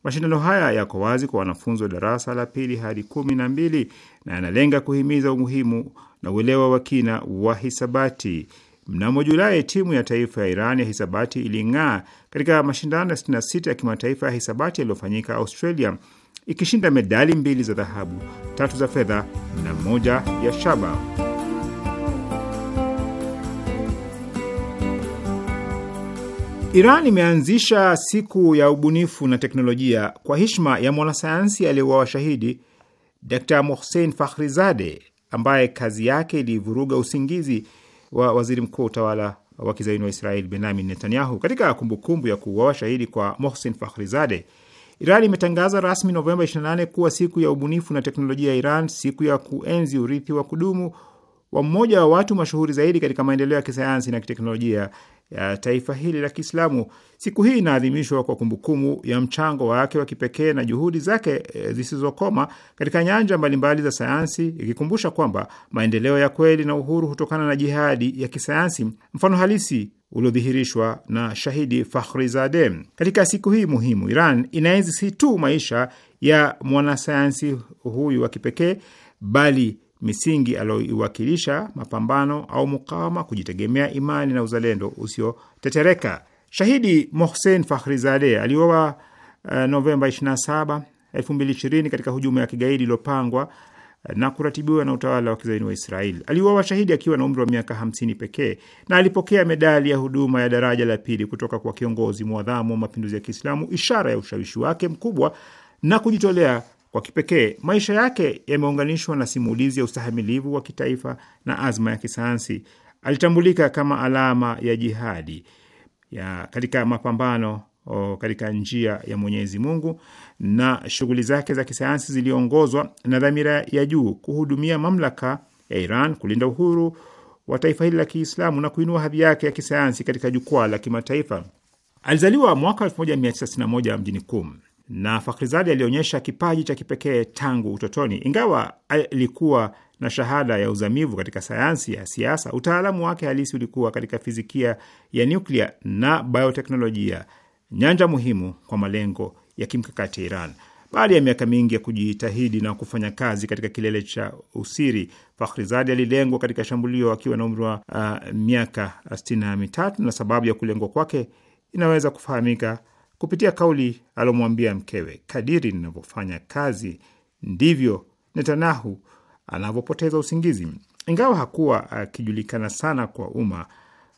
Mashindano haya yako wazi kwa wanafunzi wa darasa la pili hadi kumi na mbili na yanalenga kuhimiza umuhimu na uelewa wa kina wa hisabati. Mnamo Julai, timu ya taifa ya Iran ya hisabati iling'aa katika mashindano ya 66 ya kimataifa ya hisabati yaliyofanyika Australia, ikishinda medali mbili za dhahabu, tatu za fedha na moja ya shaba. Iran imeanzisha siku ya ubunifu na teknolojia kwa heshima ya mwanasayansi aliyeuawa shahidi Dr. Mohsen fahrizade ambaye kazi yake ilivuruga usingizi wa waziri mkuu wa utawala wa kizaini wa Israel benamin Netanyahu. Katika kumbukumbu ya kuuawa shahidi kwa Mohsen fahrizade Iran imetangaza rasmi Novemba 28 kuwa siku ya ubunifu na teknolojia ya Iran, siku ya kuenzi urithi wa kudumu wa mmoja wa watu mashuhuri zaidi katika maendeleo ya kisayansi na kiteknolojia ya taifa hili la Kiislamu. Siku hii inaadhimishwa kwa kumbukumbu ya mchango wake wa kipekee na juhudi zake e, zisizokoma katika nyanja mbalimbali za sayansi, ikikumbusha kwamba maendeleo ya kweli na uhuru hutokana na jihadi ya kisayansi, mfano halisi uliodhihirishwa na shahidi Fakhrizadeh. Katika siku hii muhimu, Iran inaenzi si tu maisha ya mwanasayansi huyu wa kipekee, bali misingi aliyoiwakilisha mapambano au mukawama, kujitegemea, imani na uzalendo usiotetereka. Shahidi Mohsen Fakhrizadeh aliuawa uh, eh, Novemba 27, 2020 katika hujuma ya kigaidi iliyopangwa eh, na kuratibiwa na utawala wa kizaini wa Israeli. Aliuawa shahidi akiwa na umri wa miaka 50 pekee na alipokea medali ya huduma ya daraja la pili kutoka kwa kiongozi mwadhamu wa mapinduzi ya Kiislamu, ishara ya ushawishi wake mkubwa na kujitolea kwa kipekee. Maisha yake yameunganishwa na simulizi ya ustahamilivu wa kitaifa na azma ya kisayansi. Alitambulika kama alama ya jihadi ya katika mapambano o, katika njia ya Mwenyezi Mungu, na shughuli zake za kisayansi ziliongozwa na dhamira ya juu kuhudumia mamlaka ya Iran, kulinda uhuru wa taifa hili la Kiislamu na kuinua hadhi yake ya kisayansi katika jukwaa la kimataifa. Alizaliwa mwaka 1961 mjini Kum na Fakhrizadi alionyesha kipaji cha kipekee tangu utotoni. Ingawa alikuwa na shahada ya uzamivu katika sayansi ya siasa, utaalamu wake halisi ulikuwa katika fizikia ya nyuklia na bioteknolojia, nyanja muhimu kwa malengo ya kimkakati ya Iran. Baada ya miaka mingi ya kujitahidi na kufanya kazi katika kilele cha usiri, Fakhrizadi alilengwa katika shambulio akiwa na umri wa uh, miaka sitini na mitatu, na sababu ya kulengwa kwake inaweza kufahamika kupitia kauli alomwambia mkewe, kadiri ninavyofanya kazi ndivyo Netanyahu anavyopoteza usingizi. Ingawa hakuwa akijulikana sana kwa umma,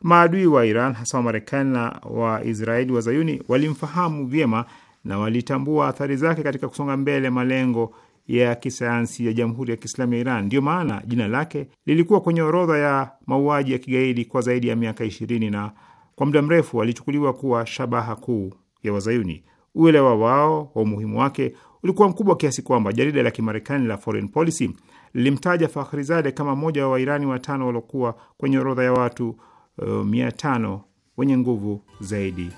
maadui wa Iran hasa Wamarekani na Waisraeli wazayuni walimfahamu vyema na walitambua athari zake katika kusonga mbele malengo ya kisayansi ya Jamhuri ya Kiislamu ya Iran. Ndiyo maana jina lake lilikuwa kwenye orodha ya mauaji ya kigaidi kwa zaidi ya miaka ishirini na kwa muda mrefu alichukuliwa kuwa shabaha kuu ya Wazayuni. Uelewa wao wa umuhimu wake ulikuwa mkubwa kiasi kwamba jarida la Kimarekani la Foreign Policy lilimtaja Fakhrizade kama mmoja wa Wairani watano waliokuwa kwenye orodha ya watu uh, mia tano wenye nguvu zaidi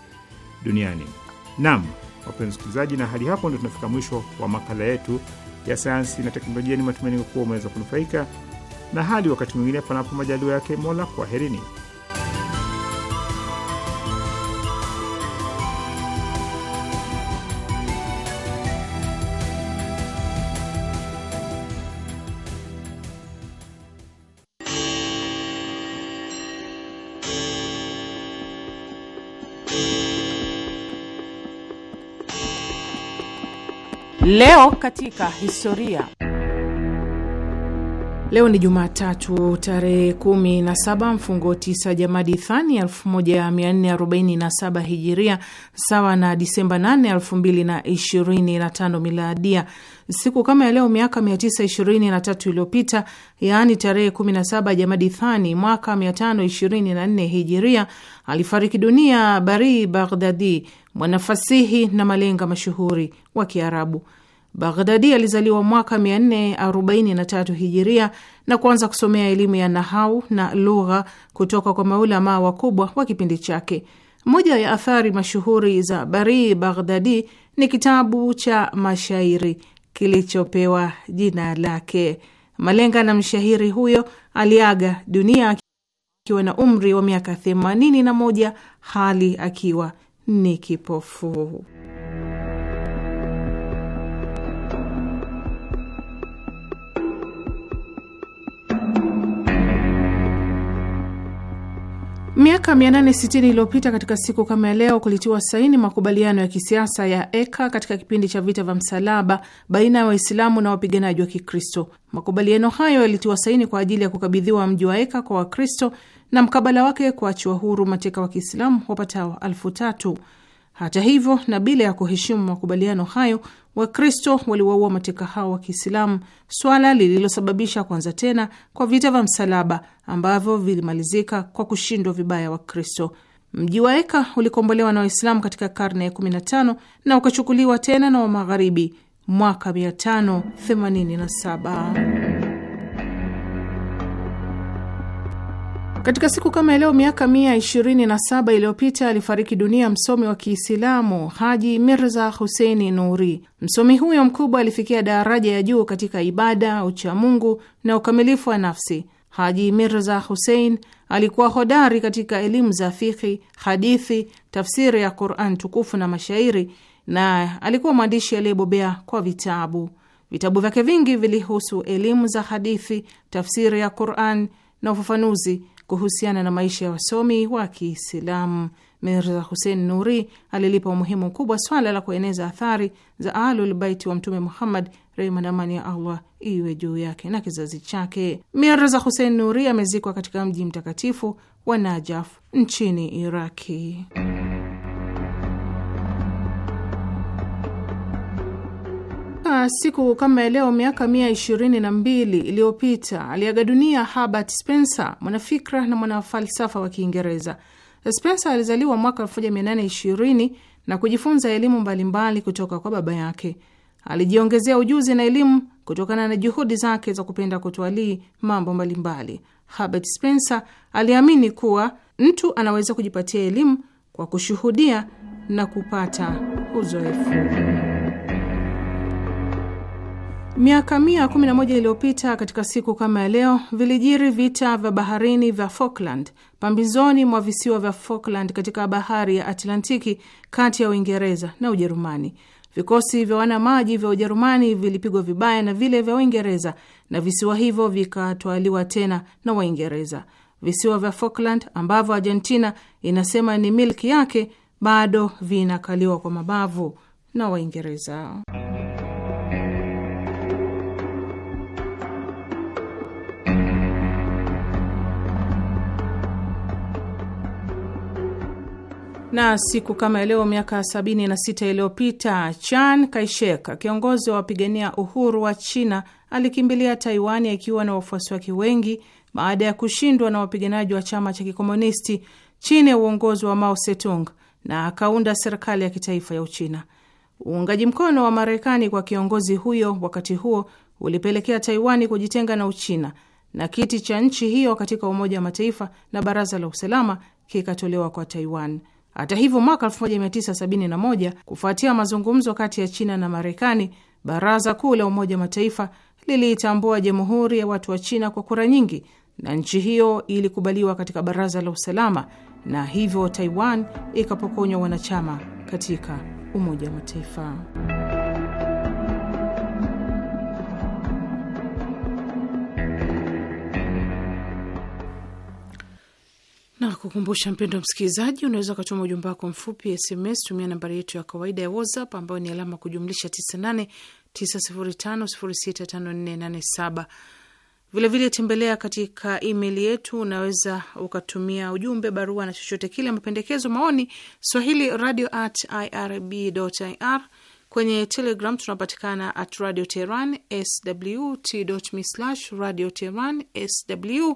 duniani. Naam wapenzi wasikilizaji, na hadi hapo ndio tunafika mwisho wa makala yetu ya sayansi na teknolojia. Ni matumaini kuwa umeweza kunufaika, na hadi wakati mwingine, panapo majaliwa yake Mola, kwaherini. Leo katika historia. Leo ni Jumatatu tarehe 17 mfungo 9 Jamadi Thani 1447 Hijiria, sawa na Disemba 8, 2025 Miladia. Siku kama ya leo miaka 923 iliyopita, yaani tarehe 17 Jamadi Thani mwaka 524 Hijiria, alifariki dunia Bari Baghdadi, mwanafasihi na malenga mashuhuri wa Kiarabu. Baghdadi alizaliwa mwaka 443 hijiria na kuanza kusomea elimu ya nahau na lugha kutoka kwa maulamaa wakubwa wa kipindi chake. Moja ya athari mashuhuri za Bari Baghdadi ni kitabu cha mashairi kilichopewa jina lake. Malenga na mshairi huyo aliaga dunia akiwa na umri wa miaka 81 hali akiwa ni kipofu. Miaka 860 iliyopita katika siku kama ya leo kulitiwa saini makubaliano ya kisiasa ya Eka katika kipindi cha vita vya msalaba baina ya wa Waislamu na wapiganaji wa Kikristo. Makubaliano hayo yalitiwa saini kwa ajili ya kukabidhiwa mji wa Eka kwa Wakristo na mkabala wake kuachiwa huru mateka wa Kiislamu wapatao elfu tatu. Hata hivyo, na bila ya kuheshimu makubaliano hayo, Wakristo waliwaua mateka hao wa Kiislamu, swala lililosababisha kuanza tena kwa vita vya msalaba ambavyo vilimalizika kwa kushindwa vibaya Wakristo. Mji wa Eka ulikombolewa na Waislamu katika karne ya 15 na ukachukuliwa tena na Wamagharibi mwaka 587. Katika siku kama leo miaka mia ishirini na saba iliyopita alifariki dunia msomi wa Kiislamu Haji Mirza Huseini Nuri. Msomi huyo mkubwa alifikia daraja ya juu katika ibada, uchamungu na ukamilifu wa nafsi. Haji Mirza Husein alikuwa hodari katika elimu za fiki hadithi, tafsiri ya Quran tukufu na mashairi, na alikuwa mwandishi aliyebobea kwa vitabu. Vitabu vyake vingi vilihusu elimu za hadithi, tafsiri ya Quran na ufafanuzi kuhusiana na maisha ya wasomi wa Kiislamu. Mirza Hussein Nuri alilipa umuhimu mkubwa swala la kueneza athari za Ahlulbaiti wa Mtume Muhammad, rehma na amani ya Allah iwe juu yake na kizazi chake. Mirza Hussein Nuri amezikwa katika mji mtakatifu wa Najaf nchini Iraki. Katika siku kama leo miaka mia ishirini na mbili iliyopita aliaga dunia Herbert Spencer, mwanafikra na mwanafalsafa wa Kiingereza. Spencer alizaliwa mwaka 1820 na kujifunza elimu mbalimbali kutoka kwa baba yake. Alijiongezea ujuzi na elimu kutokana na juhudi zake za kupenda kutwalii mambo mbalimbali. Herbert Spencer aliamini kuwa mtu anaweza kujipatia elimu kwa kushuhudia na kupata uzoefu. Miaka mia kumi na moja iliyopita katika siku kama ya leo vilijiri vita vya baharini vya Falkland pambizoni mwa visiwa vya Falkland katika bahari ya Atlantiki kati ya Uingereza na Ujerumani. Vikosi vya wanamaji vya Ujerumani vilipigwa vibaya na vile vya Uingereza na visiwa hivyo vikatwaliwa tena na Waingereza. Visiwa vya Falkland ambavyo Argentina inasema ni milki yake bado vinakaliwa kwa mabavu na Waingereza. Na siku kama leo miaka 76 iliyopita chan kaishek kiongozi wa wapigania uhuru wa China, alikimbilia Taiwani akiwa na wafuasi wake wengi baada ya kushindwa na wapiganaji wa chama cha kikomunisti chini ya uongozi wa Mao setung na akaunda serikali ya kitaifa ya Uchina. Uungaji mkono wa Marekani kwa kiongozi huyo wakati huo ulipelekea Taiwani kujitenga na Uchina na kiti cha nchi hiyo katika Umoja wa Mataifa na Baraza la Usalama kikatolewa kwa Taiwan. Hata hivyo, mwaka 1971 kufuatia mazungumzo kati ya China na Marekani, Baraza Kuu la Umoja wa Mataifa liliitambua Jamhuri ya Watu wa China kwa kura nyingi, na nchi hiyo ilikubaliwa katika Baraza la Usalama, na hivyo Taiwan ikapokonywa wanachama katika Umoja wa Mataifa. kukumbusha mpendo msikilizaji, unaweza ukatuma ujumbe wako mfupi SMS, tumia nambari yetu ya kawaida ya WhatsApp ambayo ni alama kujumlisha 989035065487. Vilevile tembelea katika email yetu, unaweza ukatumia ujumbe, barua na chochote kile, mapendekezo, maoni, swahili radio at irb ir. Kwenye Telegram tunapatikana at radio teheran sw radio teheran sw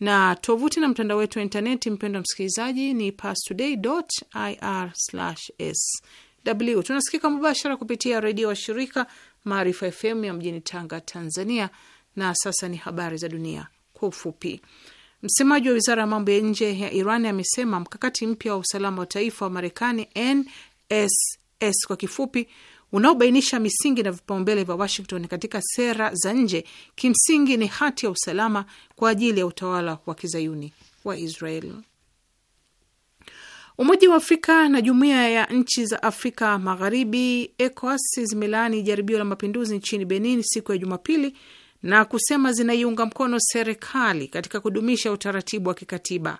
na tovuti na mtandao wetu wa intaneti, mpendwa msikilizaji, ni pastoday.ir/sw. Tunasikika mubashara kupitia redio wa shirika Maarifa FM ya mjini Tanga, Tanzania. Na sasa ni habari za dunia kwa ufupi. Msemaji wa wizara ya mambo ya nje ya Iran amesema mkakati mpya wa usalama wa taifa wa Marekani, NSS kwa kifupi, unaobainisha misingi na vipaumbele vya Washington katika sera za nje, kimsingi ni hati ya usalama kwa ajili ya utawala wa kizayuni wa israel Umoja wa Afrika na Jumuiya ya Nchi za Afrika Magharibi, ECOWAS, zimelaani jaribio la mapinduzi nchini Benin siku ya Jumapili na kusema zinaiunga mkono serikali katika kudumisha utaratibu wa kikatiba.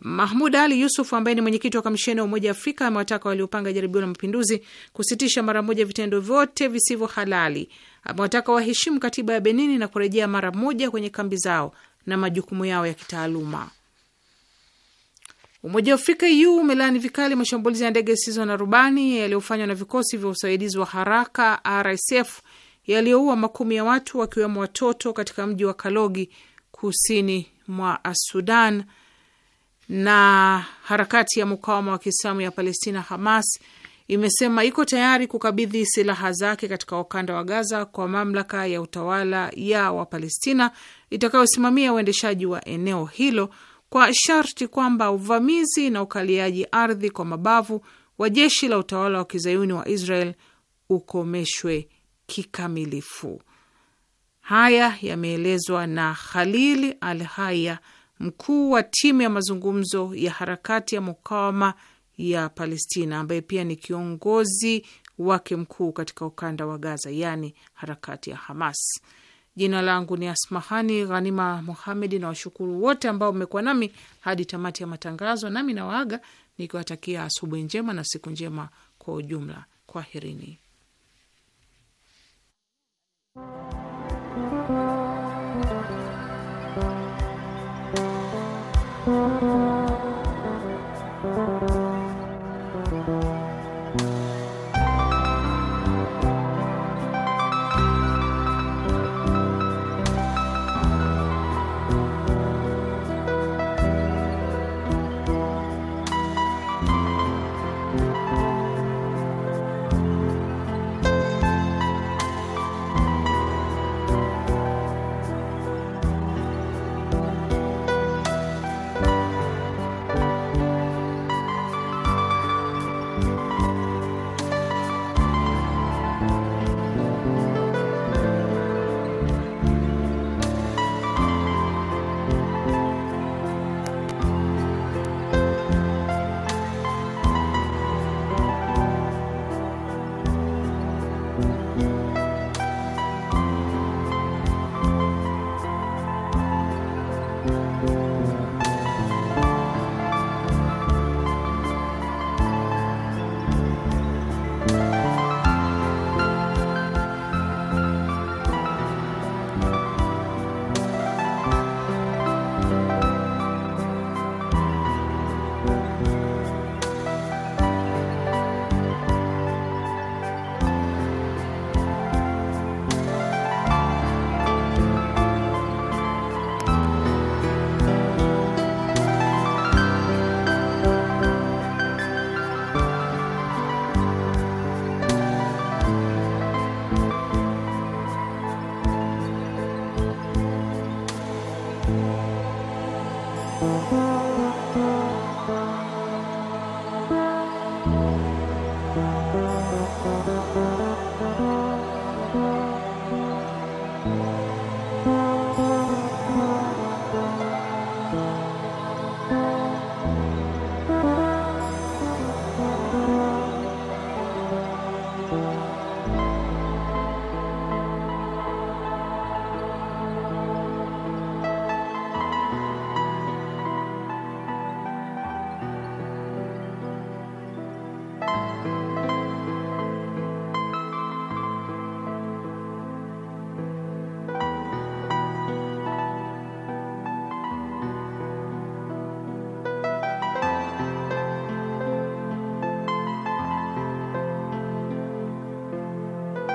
Mahmud Ali Yusuf ambaye ni mwenyekiti wa kamisheni ya Umoja wa Afrika amewataka waliopanga jaribio la mapinduzi kusitisha mara moja vitendo vyote visivyo halali. Amewataka waheshimu katiba ya Benini na kurejea mara moja kwenye kambi zao na majukumu yao ya kitaaluma. Umoja wa Afrika u umelaani vikali mashambulizi ya ndege zisizo na rubani yaliyofanywa na vikosi vya usaidizi wa haraka RSF yaliyoua makumi ya watu wakiwemo watoto katika mji wa Kalogi kusini mwa Sudan na harakati ya mukawama wa Kiislamu ya Palestina Hamas imesema iko tayari kukabidhi silaha zake katika ukanda wa Gaza kwa mamlaka ya utawala ya Wapalestina itakayosimamia uendeshaji wa eneo hilo kwa sharti kwamba uvamizi na ukaliaji ardhi kwa mabavu wa jeshi la utawala wa kizayuni wa Israel ukomeshwe kikamilifu. Haya yameelezwa na Khalil Al Haya, mkuu wa timu ya mazungumzo ya harakati ya mukawama ya Palestina, ambaye pia ni kiongozi wake mkuu katika ukanda wa Gaza, yaani harakati ya Hamas. Jina langu ni Asmahani Ghanima Muhamedi, na washukuru wote ambao mmekuwa nami hadi tamati ya matangazo, nami nawaaga nikiwatakia asubuhi njema na siku njema kwa ujumla. Kwaherini. Thank you.